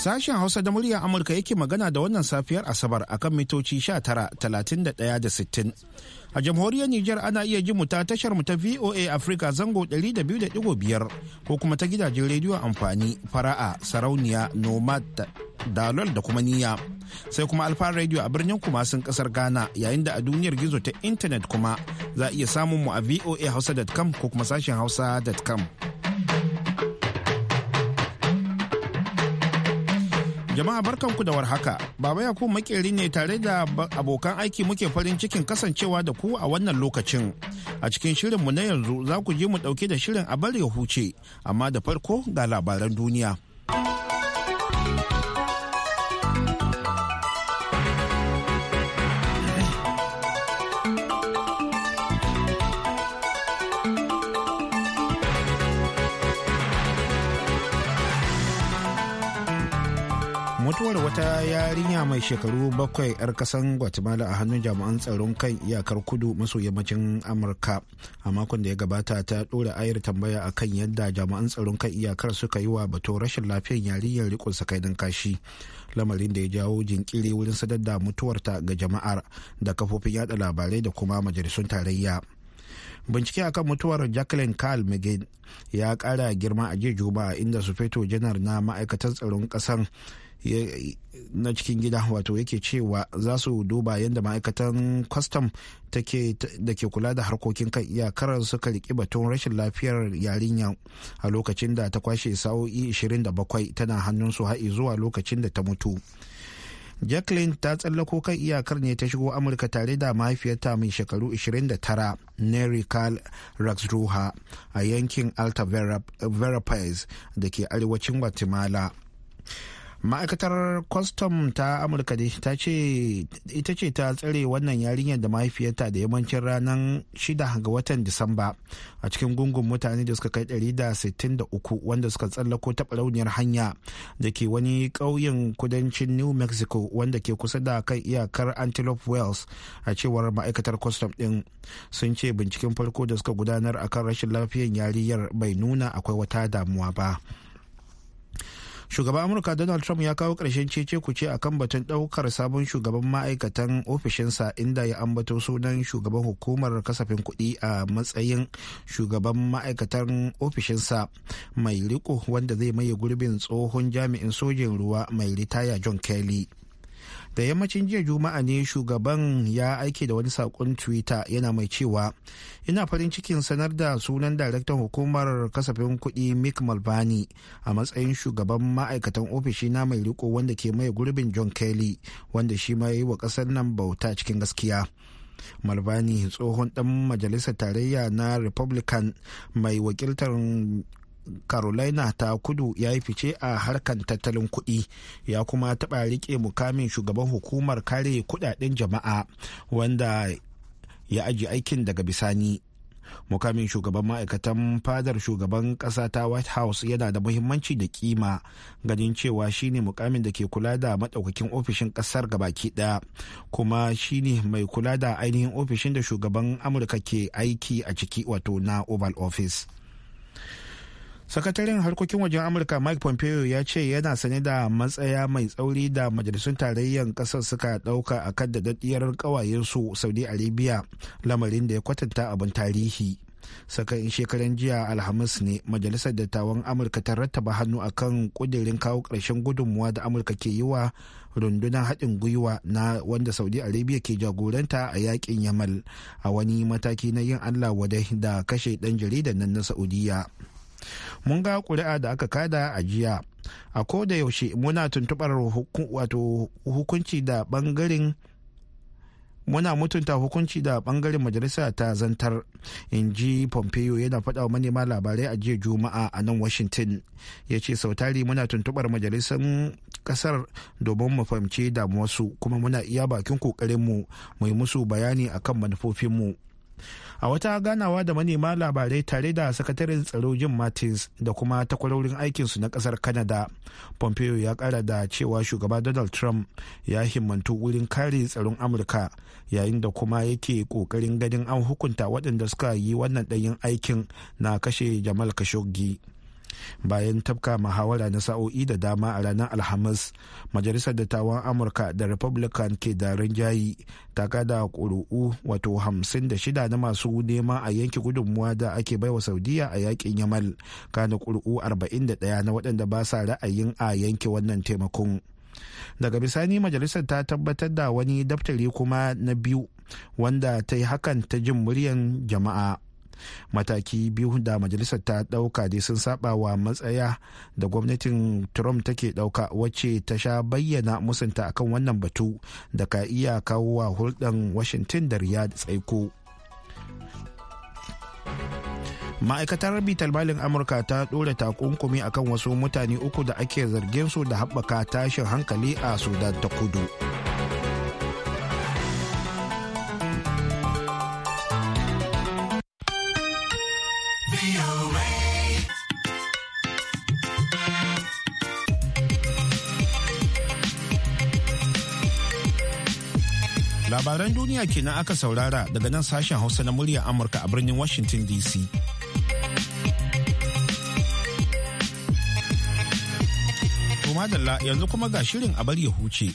Sashen Hausa da murya Amurka yake magana da wannan safiyar Asabar a kan mitoci 19, 31 da 60. a jamhuriyar Nijar ana iya ji mu ta tashar mu ta VOA Africa zango 200.5 ko kuma ta gidajen rediyo amfani fara'a sarauniya nomad dalol da kuma niyya sai kuma alfa rediyo a birnin kumasin kasar ghana yayin da a duniyar gizo ta intanet kuma za a iya samun mu a voa hausa.com ko kuma sashen hausa.com Jama'a barkanku da warhaka. Baba Yakubu makeri ne tare da abokan aiki muke farin cikin kasancewa da ku a wannan lokacin. A cikin shirinmu na yanzu za ku je mu ɗauke da shirin a bari ya huce, amma da farko ga labaran duniya. mutuwar wata yarinya mai shekaru bakwai 'yar kasan guatemala a hannun jami'an tsaron kan iyakar kudu maso yammacin amurka a makon da ya gabata ta dora ayar tambaya a kan yadda jami'an tsaron kan iyakar suka yi wa bato rashin lafiyar yarinyar rikon sakainin kashi lamarin da ya jawo jinkiri wurin sadar da mutuwarta ga jama'ar da kafofin yada labarai da kuma majalisun tarayya bincike akan mutuwar jacqueline carl mcginn ya kara girma a jiya juma'a inda sufeto janar na ma'aikatan tsaron kasan na cikin gida wato yake cewa za su duba yadda ma'aikatan kwastam da ke kula da harkokin kan iyakar suka riki batun rashin lafiyar yarinya a lokacin da ta kwashe sa'o'i 27 tana hannunsu har zuwa lokacin da ta mutu jacqueline ta tsallako kan iyakar ne ta shigo amurka tare da mahaifiyarta mai shekaru 29 nary carl raxruha a yankin alta verapais da ke arewacin guatemala ma'aikatar kwastam ta amurka ita ce ta tsare wannan yarinyar da mahaifiyarta da yammacin ranar 6 ga watan disamba a cikin gungun mutane da suka kai 163 wanda suka tsallako ta barauniyar hanya da ke wani ƙauyen kudancin new mexico wanda ke kusa da kan iyakar antelope wells a cewar ma'aikatar kwastam ɗin sun ce binciken farko da suka gudanar akan rashin lafiyar yarinyar bai nuna akwai wata damuwa ba. shugaban amurka donald trump ya kawo ƙarshen cece kuce a kan batun ɗaukar sabon shugaban ma'aikatan ofishinsa inda ya ambato sunan shugaban hukumar kasafin kuɗi a matsayin shugaban ma'aikatan ofishinsa mai riko wanda zai maye gurbin tsohon jami'in sojin ruwa mai ritaya john kelly da yammacin jiya juma'a ne shugaban ya aike da wani sakon twitter yana mai cewa ina farin cikin sanar da sunan daraktan hukumar kasafin kuɗi mick malvani a matsayin shugaban ma'aikatan ofishi na mai riko wanda ke mai gurbin john kelly wanda shi ma yi wa ƙasar nan bauta cikin gaskiya malvani tsohon ɗan majalisar tarayya na republican mai wakiltar carolina ta kudu ya yi fice a harkar tattalin kudi ya kuma taɓa rike mukamin shugaban hukumar kare kudaden jama'a wanda ya aji aikin daga bisani mukamin shugaban ma'aikatan fadar shugaban kasa ta white house yana da muhimmanci da kima ganin cewa shine mukamin da ke kula da madaukakin ofishin kasar baki daya kuma shine mai kula da ainihin ofishin da shugaban amurka ke aiki a ciki wato na oval office sakataren harkokin wajen amurka mike pompeo ya ce yana sane da matsaya mai tsauri da majalisun tarayyar kasar suka dauka a kan daɗaɗɗiyar ƙawayensu saudi arabia lamarin da ya kwatanta abin tarihi sakan shekaran jiya alhamis ne majalisar dattawan amurka ta rattaba hannu akan kudirin kawo ƙarshen gudunmuwa da amurka ke yi wa rundunar haɗin gwiwa na wanda saudi arabia ke jagoranta a yakin yamal a wani mataki na yin allah wadai da kashe ɗan jaridan nan na saudiya mun ga ƙuri'a da aka kada a jiya a ko da yaushe muna tuntubar hukunci da bangaren muna mutunta hukunci da bangaren majalisa ta zantar in ji pompeo yana faɗa wa manema labarai a jiya juma'a a nan washington ya ce sautari muna tuntubar majalisar kasar domin mu fahimci damuwarsu kuma muna iya bakin kokarinmu mu mai musu bayani akan manufofinmu a wata ganawa da manema labarai tare da sakataren tsaro jim martins da kuma takwarorin aikinsu na kasar canada pompeo ya kara da cewa shugaba donald trump ya himmantu wurin kare tsaron amurka yayin da kuma yake ƙoƙarin ganin an hukunta waɗanda suka yi wannan ɗanyen aikin na kashe jamal khashoggi bayan tafka muhawara na sa'o'i da dama a ranar alhamis majalisar dattawan amurka da republican ke da rinjayi ta kada ƙuri'u wato hamsin da shida na masu nema a yanki gudunmuwa da ake baiwa saudiya a yakin yamal kana ƙuri'u 41 na waɗanda ba sa ra'ayin a yanke wannan taimakon daga bisani majalisar ta tabbatar da wani daftari kuma na biyu wanda ta yi hakan ta jin muryan jama'a mataki biyu da majalisar ta dauka dai sun saba wa matsaya da gwamnatin trump take dauka wacce ta sha bayyana musunta akan wannan batu da ka iya kawo wa hulɗan washington da riyadh tsaiko ma'aikatar bitar balin amurka ta ɗora takunkumi akan wasu mutane uku da ake zargin su da haɓaka tashin hankali a sudan ta kudu. labaran duniya kenan aka saurara daga nan sashen hausa na muryar amurka a birnin washington dc madalla yanzu kuma ga shirin a bari ya huce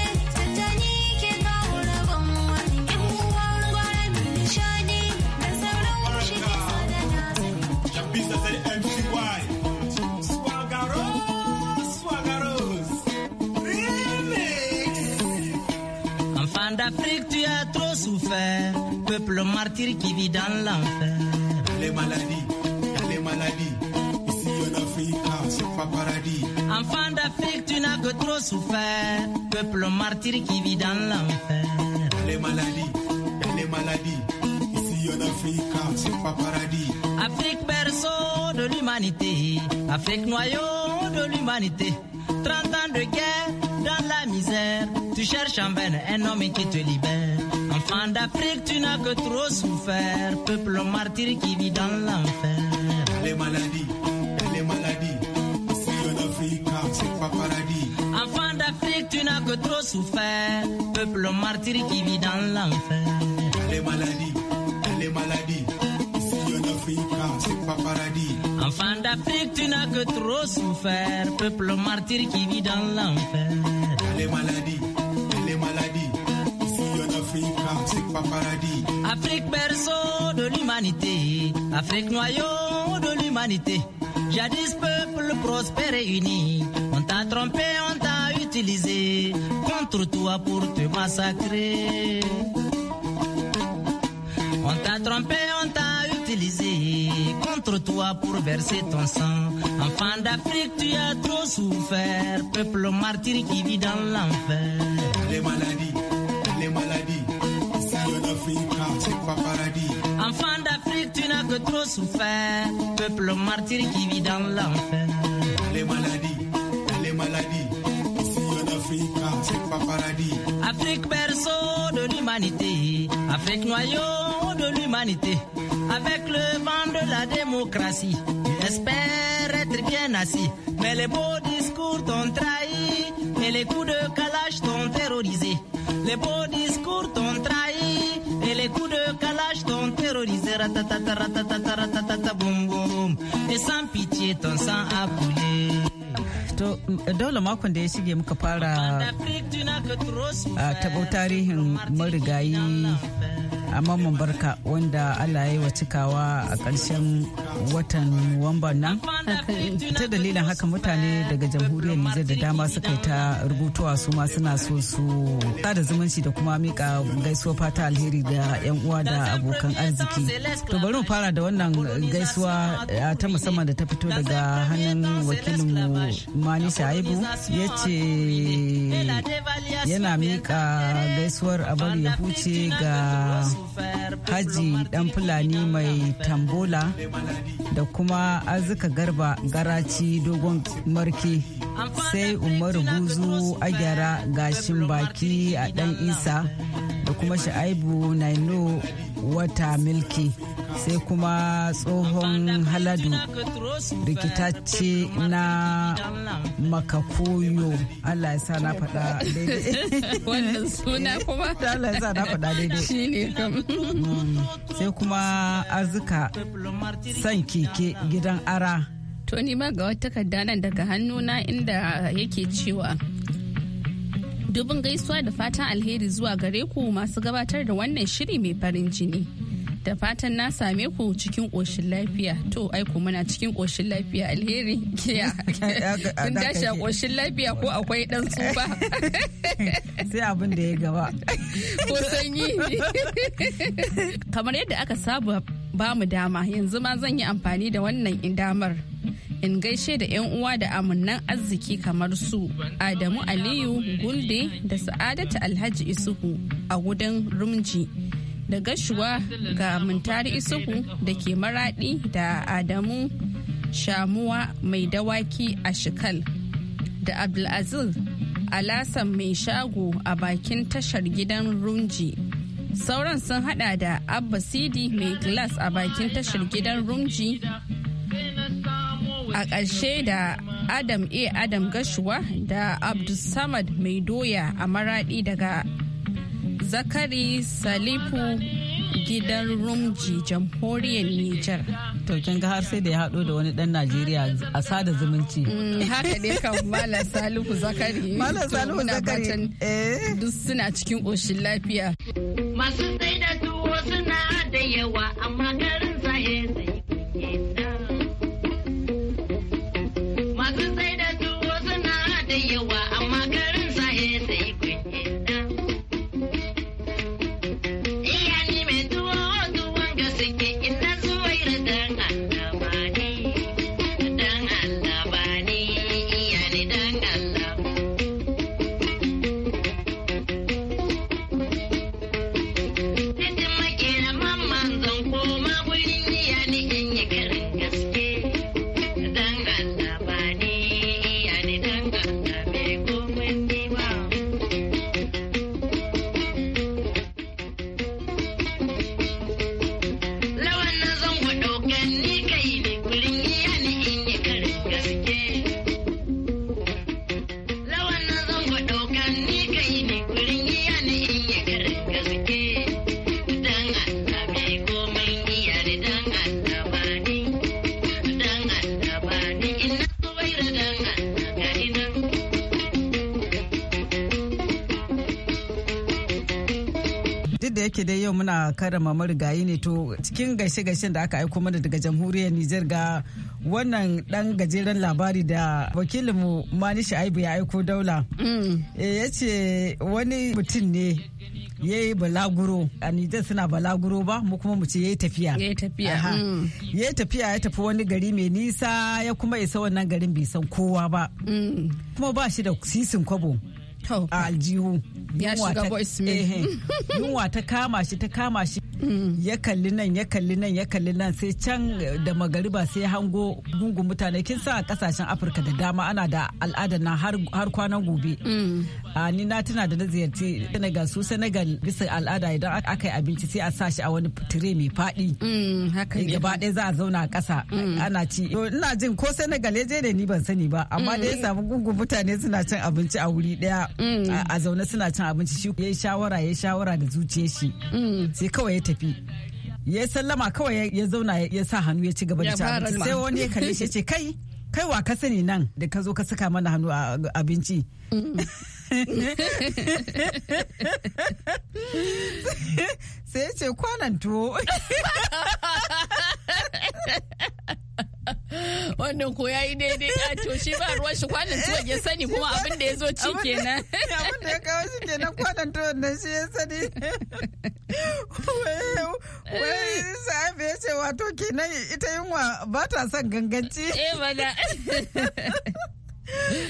peuple martyr qui vit dans l'enfer. Les maladies, les maladies, ici en Afrique, ah, c'est pas paradis. Enfant d'Afrique, tu n'as que trop souffert, peuple martyr qui vit dans l'enfer. Les maladies, les maladies, ici en Afrique, ah, c'est pas paradis. Afrique berceau de l'humanité, Afrique noyau de l'humanité. 30 ans de guerre dans la misère, tu cherches en vain un homme qui te libère. Enfant d'Afrique, tu n'as que trop souffert. Peuple martyr qui vit dans l'enfer. Les maladies, les maladies. Si en Afrique, c'est pas paradis. Enfant d'Afrique, tu n'as que trop souffert. Peuple martyr qui vit dans l'enfer. Les maladies, les maladies. Si en Afrique, c'est pas paradis. Enfant d'Afrique, tu n'as que trop souffert. Peuple martyr qui vit dans l'enfer. Les maladies. Afrique berceau de l'humanité, Afrique noyau de l'humanité. Jadis peuple prospère et uni, on t'a trompé, on t'a utilisé contre toi pour te massacrer. On t'a trompé, on t'a utilisé contre toi pour verser ton sang. Enfant d'Afrique, tu as trop souffert, peuple martyr qui vit dans l'enfer. Les maladies Enfant d'Afrique, tu n'as que trop souffert. Peuple martyr qui vit dans l'enfer. Les maladies, les maladies. Si Afrique, c'est pas paradis. Afrique berceau de l'humanité. Afrique noyau de l'humanité. Avec le vent de la démocratie, J'espère être bien assis. Mais les beaux discours t'ont trahi. Et les coups de calage t'ont terrorisé. Les beaux discours t'ont trahi. coups de calage t'ont terrorisé, ratatata, ratatata, ratatata, boum boum. Et sans pitié, ton sang a coulé. To, dole makon da ya shige muka fara a taɓo tarihin marigayi a mamman barka wanda allah ya yi wa cikawa a ƙarshen watan nuwamba nan ta dalilin haka mutane daga jamhuriyar nijar da dama suka yi ta rubutuwa su ma suna so su da zumunci da kuma mika gaisuwa fata alheri da yan uwa da abokan arziki to bari mu fara da wannan gaisuwa ta musamman da ta fito daga hannun wakilinmu mani shaibu ya ce yana mika gaisuwar abar ya huce ga Haji Dan Fulani mai tambola da kuma azuka garba garaci dogon marki sai Umaru Buzu a gyara gashin baki a Dan Isa da kuma sha'aibu naino wata milki sai kuma tsohon haladu rikitacce na makakoyo allah ya sa na fada daidai wannan suna kuma allah ya sa na faɗa daidai shi ne mm. sai kuma arzika san keke gidan ara to ni ma ga wata kaddanan daga hannuna inda yake cewa Dubin gaisuwa da fatan alheri zuwa gare ku masu gabatar da wannan shiri mai farin jini. Da fatan na same ku cikin ƙoshin lafiya. To, aiko muna cikin ƙoshin lafiya alheri. kiya Kun dashi a ƙoshin lafiya ko akwai ɗan tsufa. Sai abin da ya gaba. Ko sanyi. Kamar yadda aka saba ba mu dama yanzu ma zan yi amfani da wannan damar in gaishe da 'yan uwa da amannan arziki kamar su Adamu Aliyu Gulde da Sa'adatu Alhaji Isuhu a gudan Rumji. Da gashuwa ga Muntari Isuhu da ke maradi da Adamu Shamuwa mai dawaki a Shikal. Da Abdulaziz Alasan mai shago a bakin tashar gidan Rumji. sauran sun hada da abba sidi mai glass a bakin tashar gidan rumji a ƙarshe da adam a adam gashuwa da abdulsamad mai doya a maraɗi daga zakari salifu gidan rumji jamhuriyar niger to kin ga har sai da ya haɗo da wani ɗan najeriya a sada zumunci mm, haka ne kan malam salihu zakari malam salihu zakari eh? duk suna cikin ƙoshin lafiya masu tsaye da tuwo suna da yawa amma karama marigayi ne to cikin gaishe-gaishen da aka aiko mana daga jamhuriyar Nijar ga wannan dan gajeren labari da wakilinmu Mani Aibu ya aiko daula. Mm. Eh, ya ce wani mutum ne ya yi balaguro a Nijar suna balaguro ba mu kuma mu ce ya yi tafiya. Ya yi tafiya. Mm. Ya yi tafiya ya tafi wani gari mai nisa ya kuma isa wannan garin bai san kowa ba. Mm. Kuma ba shi da sisin kwabo. a aljihu Eh, eh. yunwa ta kama shi ta kama shi ya kalli nan ya kalli nan ya kalli nan sai can da magariba sai hango gungun mutane kin sa a kasashen afirka da dama ana da al'ada na har kwanan gobe mm. a ni na tuna da na ziyarci senegal su senegal bisa al'ada idan aka yi abinci sai a sa shi a wani tire mai faɗi mm, gaba ɗaya za a zauna a ƙasa mm. ana ci ina jin ko senegal ya je da ni ban sani ba amma da ya samu gungun mutane suna cin abinci a wuri ɗaya a zaune suna cin abinci shi ya yi shawara ya yi shawara da zuciyar shi sai kawai ya tafi ya sallama kawai ya zauna ya sa hannu ya ci gaba da abinci sai wani ya kalle shi ce kai kai wa ka sani nan da ka zo ka saka mana hannu a abinci sai ya ce kwanan tuwo wannan ko yayi daidai ya to shi ba ruwan shi kwanan tuwon ya sani kuma abin da ya zo ci kenan abin da ya kawo shi kenan kwanan tuwon nan shi ya sani wai sahabi ya ce wato kenan ita yunwa ba ta son ganganci eh bala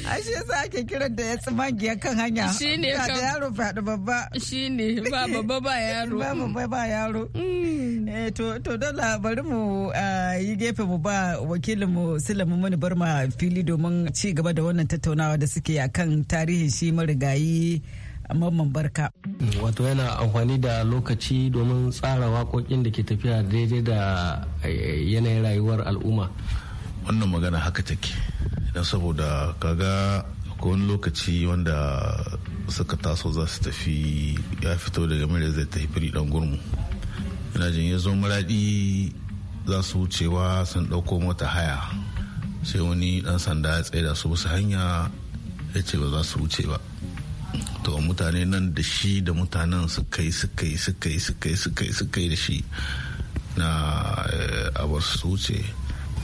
Ashe sa ake kiran da ya tsimagiyar kan hanya. Shi ne kan. Da yaro faɗi babba. Shi ne ba babba ba yaro. Ba babba ba yaro. Mm. Eh, to dole bari mu eh, yi gefe mu ba wakilin wakilinmu mu Mani Barma fili domin ci gaba da wannan tattaunawa da suke a kan tarihin shi marigayi mamman barka. Wato yana amfani da lokaci domin tsara waƙoƙin da ke tafiya daidai da eh, yanayin rayuwar al'umma. Wannan magana haka take. don saboda kaga wani lokaci wanda suka taso za su tafi ya fito daga mara zai tafi firi dan gurmu ina jin ya zo maradi za su wucewa sun dauko mota haya sai wani dan sanda ya tsaye da su wasu hanya ya ce ba za su wuce ba to mutane nan da shi da mutanen suka yi suka yi suka yi suka yi suka yi da shi na eh, abar su wuce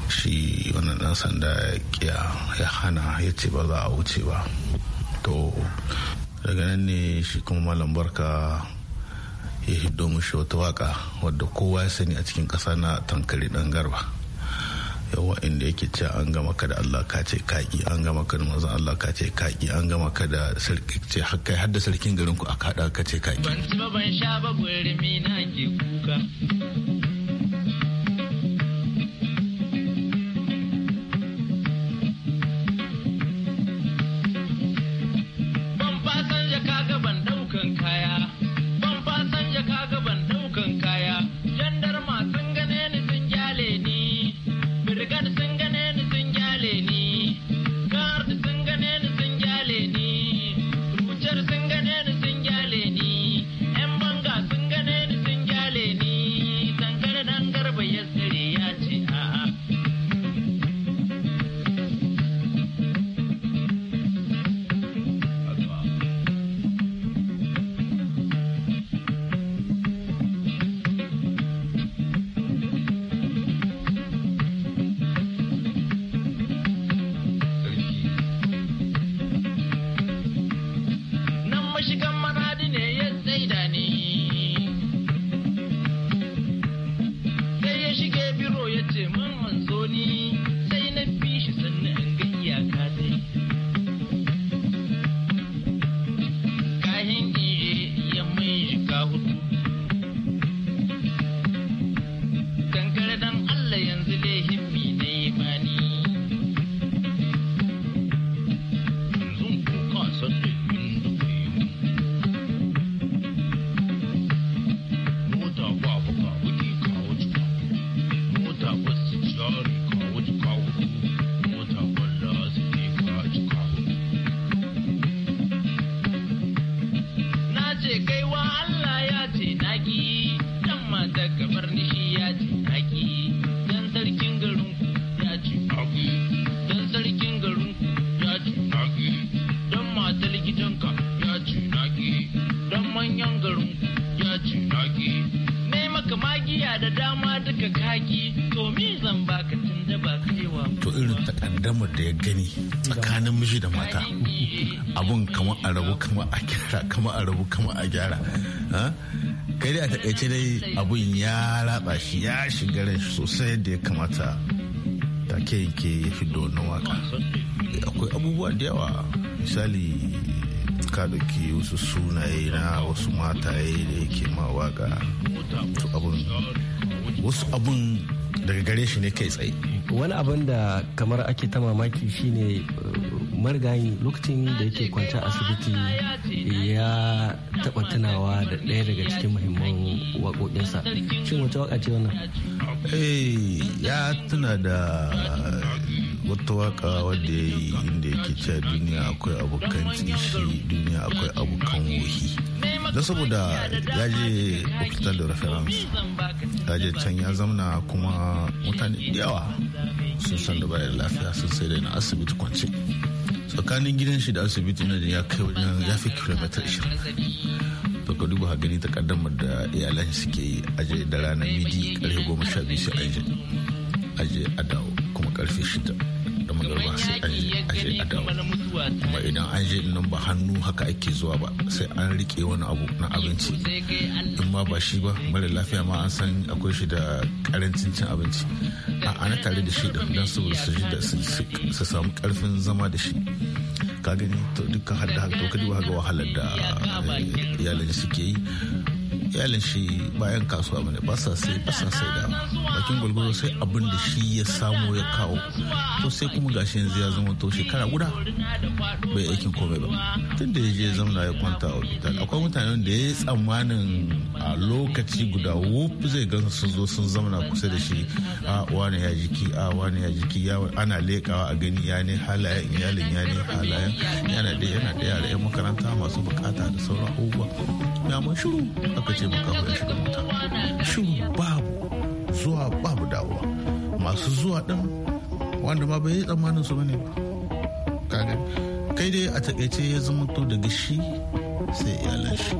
shi wannan dan sanda ya hana ya ce ba za a wuce ba to daga nan ne shi kuma malam barka ya hiddo mushi wata waka wadda kowa ya sani a cikin ƙasa na tankari dan garba yawa inda yake ce an gama ka da Allah ka ce kaki an gama ka da mazan Allah ka ce kaki an gama ka da sarki ce kai har da sarkin garin ku a kada ka ce kaki ban ci ba ban sha ba gurmi na ke kuka tsakanin miji da mata abun kama a rabu kama a gyara kama a rabu kama a gyara kai a takaice dai abun ya ratsa shi ya shiga shi sosai da ya kamata ke yake ya fi donon waka akwai abubuwa da yawa misali ka wasu sunaye na wasu mataye da yake ma waka wasu abun daga gare shi ne kai tsaye wani abin da kamar ake ta mamaki shine eh, marigayi lokacin da yake kwanci asibiti ya taba tunawa da ɗaya daga cikin muhimman waƙoƙinsa shin wata waƙa ce wannan eh, ya tuna da wata waka wadda ya yi inda yake cewa duniya akwai abokan tsishi duniya akwai abokan wuhi don saboda ya je da reference ya je can ya zamna kuma mutane yawa sun san da bayan lafiya sun sai da na asibiti kwance tsakanin gidan shi da asibiti na da ya kai wajen ya fi kilomita 20 baka duba gani ta kaddamar da iyalan suke yi aje da ranar midi karfe goma sha biyu sai aje aje a dawo kuma karfe shida ba sai an je a dawo kuma idan an je nan ba hannu haka ake zuwa ba sai an rike wani abu na abinci in ma ba shi ba mara lafiya ma an san akwai shi da karancin cin abinci a ana tare da shi don su ji da su samu karfin zama da shi ka gani to dukkan hadda haka to ka duba ga wahalar da eh, iyalan suke yi iyalin shi bayan kasuwa bane ba sa sai ba sa sai da bakin gwalgwaro sai abin da shi ya samu ya kawo to sai kuma gashi yanzu ya zama to shekara guda bai aikin komai ba tun da ya je zamana ya kwanta a hospital akwai mutanen da ya yi tsammanin a lokaci guda wuf zai gansa sun zo sun zamana kusa da shi a wani ya jiki a wani ya jiki ana lekawa a gani ya ne halayen iyalin ya ne halayen yana da yana da yara yan makaranta masu bukata da sauran abubuwa ya mun shiru aka ce makafa ya shiga mota shiru babu zuwa babu dawowa masu zuwa ɗin wanda ma bai yi tsammanin su bane ba kai dai a takaice ya zama to daga shi sai iyalan shi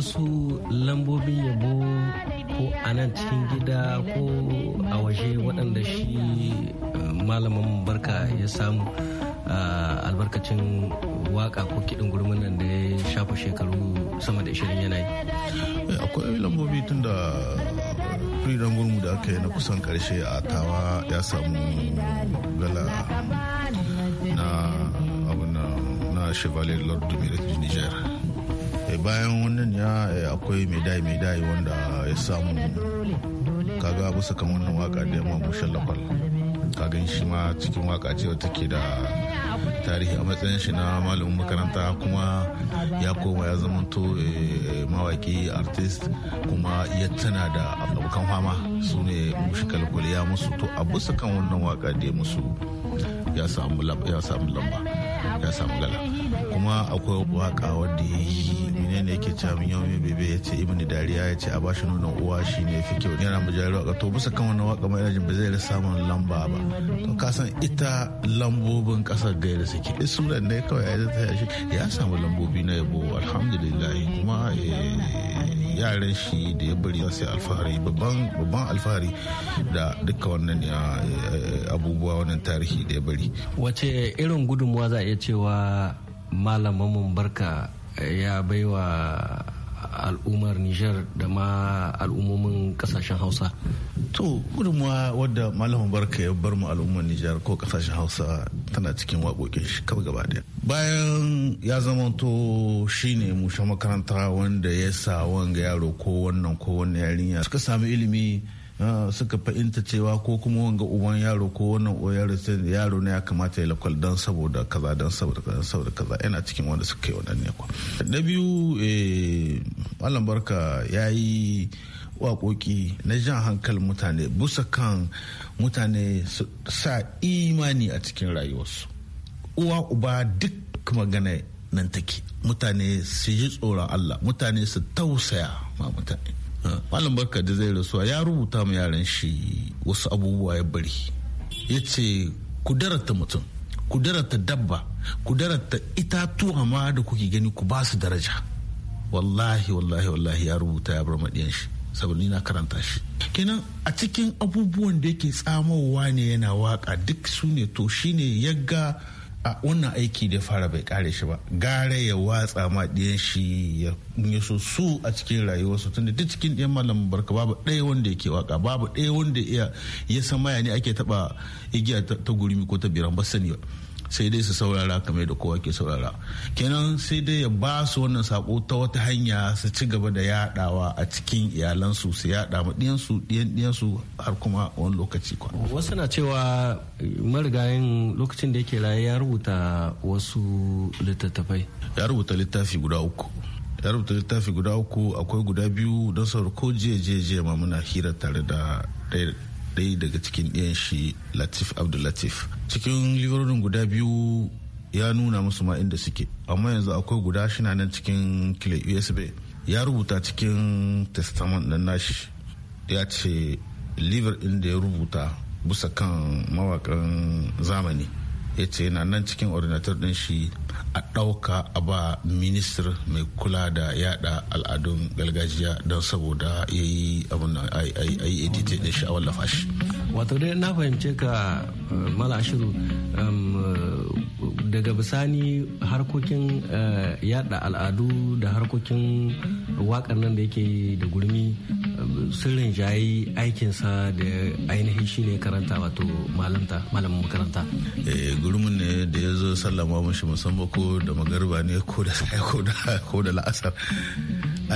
wasu lambobin yabo ko a nan cikin gida ko a waje waɗanda shi eh, malaman barka ya samu eh, albarkacin waka ko kiɗin gurmin nan da ya shafa shekaru sama da 20 yanayi. Eh, akwai lambobi tun da freedom gurmu da aka yi na kusan karshe a tawa ya samu gala na abu na chevalier lord du niger Eh, bayan wannan ya eh, akwai medai medai wanda ya samu kaga bisa kan wannan waka da yamma mushallafal kagan shi ma cikin waka ce wata ke da tarihi a matsayin shi na malamin makaranta kuma ya koma ya zama to eh, mawaki artist kuma ya tana da abokan fama su ne mushi ya musu to a bisa kan wannan waka da musu ya samu lamba ya samu gala kuma akwai waka wanda ya yi ne yake cewa min yau bebe ya ce dariya ya ce a bashi nonon uwa shi ne fi kyau yana jari waka to bisa kan wannan waka mai ba zai rasa samun lamba ba to ka san ita lambobin kasar gaira suke su ne kawai ya zata shi ya samu lambobi na yabo alhamdulillah kuma eh, yaran shi da ya bari sai alfahari babban alfahari da duka wannan eh, eh, abubuwa wannan tarihi da ya bari wace irin gudunmuwa za a iya cewa malamin barka ya baiwa al'ummar Nijar da ma al'ummomin kasashen Hausa? To, gudunmuwa wadda Malam Barka ya bar mu al'ummar Nijar ko kasashen Hausa tana cikin waƙoƙin shi kawai gaba ɗaya. Bayan ya zamanto shi ne musha makaranta wanda ya sa wanga yaro ko wannan ko wannan yarinya suka sami ilimi Ah, suka fahimta cewa ko kuma wanga uban yaro ko wannan yaro yaro ne ya kamata ya lakwal don saboda kaza don saboda kaza saboda kaza yana cikin wanda suka yi wannan ne na biyu eh, malam barka ya yi waƙoƙi na jan hankalin mutane busa kan mutane sa imani a cikin rayuwarsu uwa uba duk magana nan take mutane su ji tsoron allah mutane su tausaya ma mutane malam barka da zai rasuwa ya rubuta mu yaran shi wasu abubuwa ya bari ya ce ku darata mutum ku darata dabba ku darata itatuwa ma da kuke gani ku ba su daraja wallahi wallahi wallahi ya rubuta ya bar maɗiyan shi saboda na karanta shi kenan a cikin abubuwan da yake tsamowa ne yana waka duk su ne to shine yagga a wannan aiki da fara bai kare shi ba gara ya watsa ma ɗiyan shi ya so su a cikin rayuwarsu tunda duk cikin ɗiyan malam barka babu ɗaya wanda yake waka babu ɗaya wanda ya san maya ne ake taɓa igiya ta gurumi ko ta biran ba sani ba sai dai su saurara kamar da kowa ke saurara kenan sai dai ya ba su wannan sako ta wata hanya su ci gaba da yadawa a cikin iyalansu su yada ma diyansu diyan diyansu har kuma wani lokaci kwa wasu na cewa eh, marigayin lokacin da yake raye ya rubuta wasu littattafai ya rubuta littafi guda uku ya rubuta littafi guda uku akwai guda biyu don ko jiya jiya jiya ma muna hira tare da ɗaya daga cikin ɗiyan shi latif abdullatif cikin lirorin guda biyu ya nuna musu ma inda suke amma yanzu akwai guda shina nan cikin kile usb ya rubuta cikin testament na nashi ya ce liver inda ya rubuta bisa kan mawakan zamani ya ce yana nan cikin ordinator din shi a ɗauka a ba minister mai kula da yada al'adun gargajiya don saboda ya yi abin a yi edit shi a wallafa shi. wato dai na fahimce ka mala shiru um, daga bisani harkokin eh, yada al'adu da harkokin wakar nan da yake da gurmi sirrin jayi aikinsa da ainihin shi ne karanta wato malamin makaranta eh, gurmin ne da ya zo sallama mashi musamman ko da magarba ne ko da sai ko da la'asar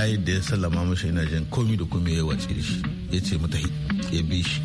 ai da ya sallama mashi ina jin komi da komi ya wace shi ya ce mata ya bi shi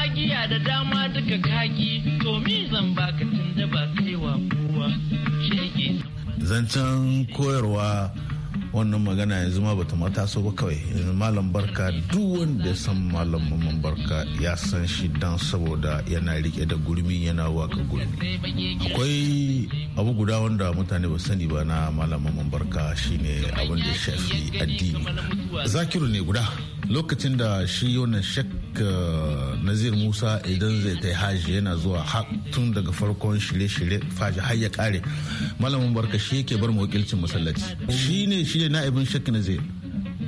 magiya da dama duka kaki to mi zan baka tunda ba wa kowa shege zancen koyarwa wannan magana yanzu ma bata mataso ba kawai yanzu malam barka duk wanda ya san malam mamman barka ya san shi dan saboda yana rike da gurmi yana waka gurmi akwai abu guda wanda mutane ba sani ba na malam mamman barka shine abin da shafi addini zakiru ne guda lokacin da shi wannan shek Uh, nazir musa idan zai ta haji yana zuwa tun daga farkon shirye-shirye fashi har ya kare malamin barka shi yake bar mu wakilcin masallaci shi ne shi ne na'ibin shakki nazir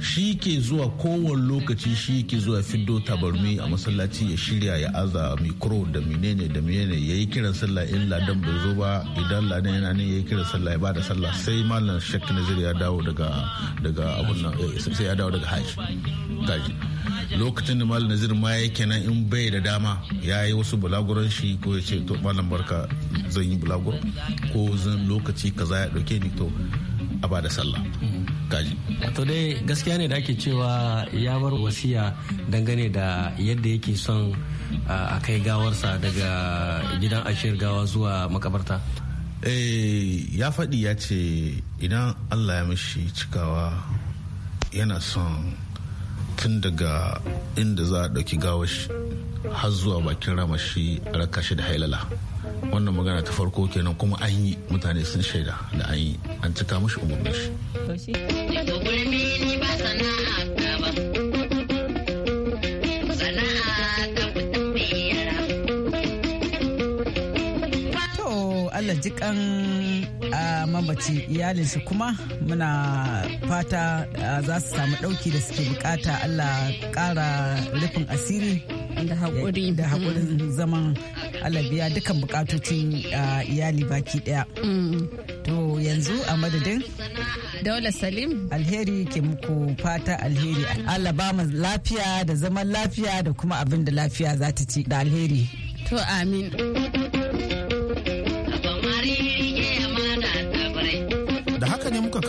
shi ke zuwa kowane lokaci shi ke zuwa fiddo tabarmi a masallaci ya shirya ya aza mikro da menene da menene ya yi kiran sallah in ladan bai zo ba idan ladan yana ne ya yi kiran sallah ya ba da sallah sai malam shek nazir ya dawo daga daga abunan eh, sai ya dawo daga haji lokacin da malam nazir ma ya kenan in bai da dama ya yi wasu bulaguran shi ko ya ce to malam barka zan yi bulaguro ko zan lokaci kaza ya dauke ni to a ba da sallah kaji to dai gaskiya ne da ake cewa ya bar wasiya dangane da yadda yake son a kai gawarsa daga gidan ashir gawa zuwa makabarta eh, ya faɗi ya ce idan allah ya mishi cikawa yana son tun daga inda za a ɗauki gawashi har zuwa bakin ramashi raka shi da hailala wannan magana ta farko kenan kuma an yi mutane sun shaida da an yi an cika mashi umarnin shi Allah jikan iyalin iyalinsa kuma muna fata za su samu ɗauki da suke bukata Allah kara rufin asiri da haƙuri da haƙurin mm. zaman alabiya dukkan bukatocin iyali baki ɗaya. Mm. to yanzu a madadin daula salim alheri ke muku fata alheri allah ba mu lafiya da zaman lafiya da kuma abin da lafiya za ta ci da alheri to amin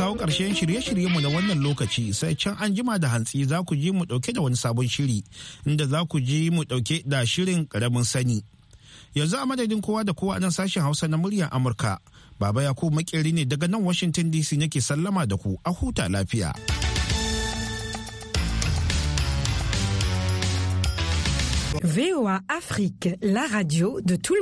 kawo ƙarshen shirye-shiryenmu na wannan lokaci sai can an jima da hantsi za ku ji mu ɗauke da wani sabon shiri inda za ku ji mu ɗauke da shirin ƙaramin sani. Yanzu a madadin kowa da kowa nan sashen Hausa na muryar Amurka, Baba Yakubu Makeri ne daga nan Washington DC nake sallama da ku a huta lafiya. VOA Afrique, la radio de tout